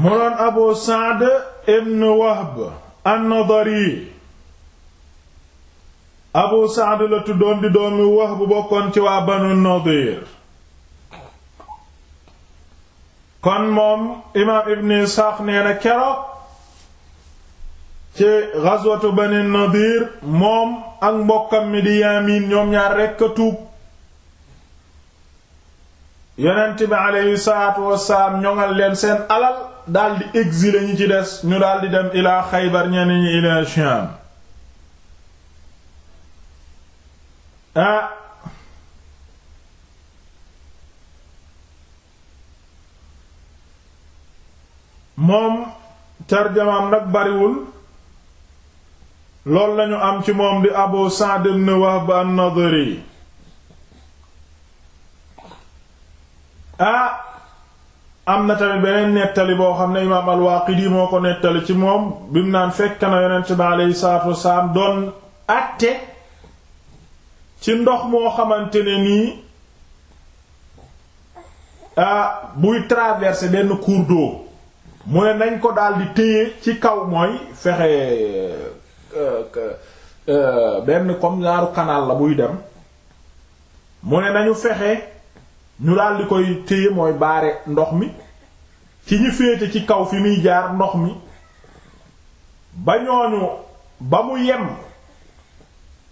mu doon abu saad ibn wahb an-nadari abu saad la tuddoon di doomi wahb bokkoon ci waa banu nadir kon moom imaam ibn isxaaq nee na ci ghazwatu banu nadir moom ak mbokkam mi di yaamiin ñoom ñaar rekk a tuub yonent bi aleyhi salaatu wasalaam ñoŋal leen seen alal daal di exiler ci des ñu daldi dem ilaa Xaybar ñenn ñi ilaa Sham ah moom tarjamaam nag bariwul loolu lañu am ci moom di Abu Sa'd ibn Wahb an-Nadri ah. am na tamit beneen nettali boo xam ne imaam al-Waaqidi moo ko nettali ci moom bi mu naan fekk na yonent bi aleyhi salaatu wasalaam doon àtte ci ndox moo xamante ne nii ah buy traverser benn cours mu ne nañ ko daal di téye ci kaw mooy fexe euh, euh, benn comme ñaaru canal la buy dem mu ne nañu fexe. ñu daal koy téye mooy baare ndox mi ci ñu féete ci kaw fi muy jaar ndox mi ba ñooñu ba mu yem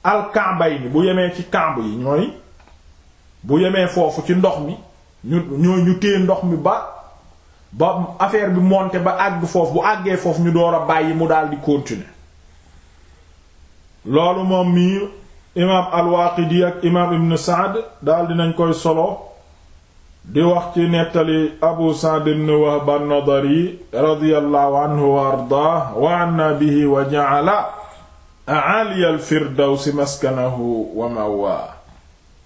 alkambay ni bu yemee ci kamb yi ñooy bu yemee foofu ci ndox mi ñu ñooy ñu téye ndox mi ba ba affaire bi monter ba àgg foofu bu àggee foofu ñu door a bàyyi mu daal di continuer loolu moom mii imaam al ak imaam Ibn Sa'd daal dinañ koy solo di wax ci nettali abu sa'd ibn wahb an-nadari radiyallahu anhu wa ardaah wa anna bihi wa ja'ala a'ali al-firdawsi maskanahu wa ma'waa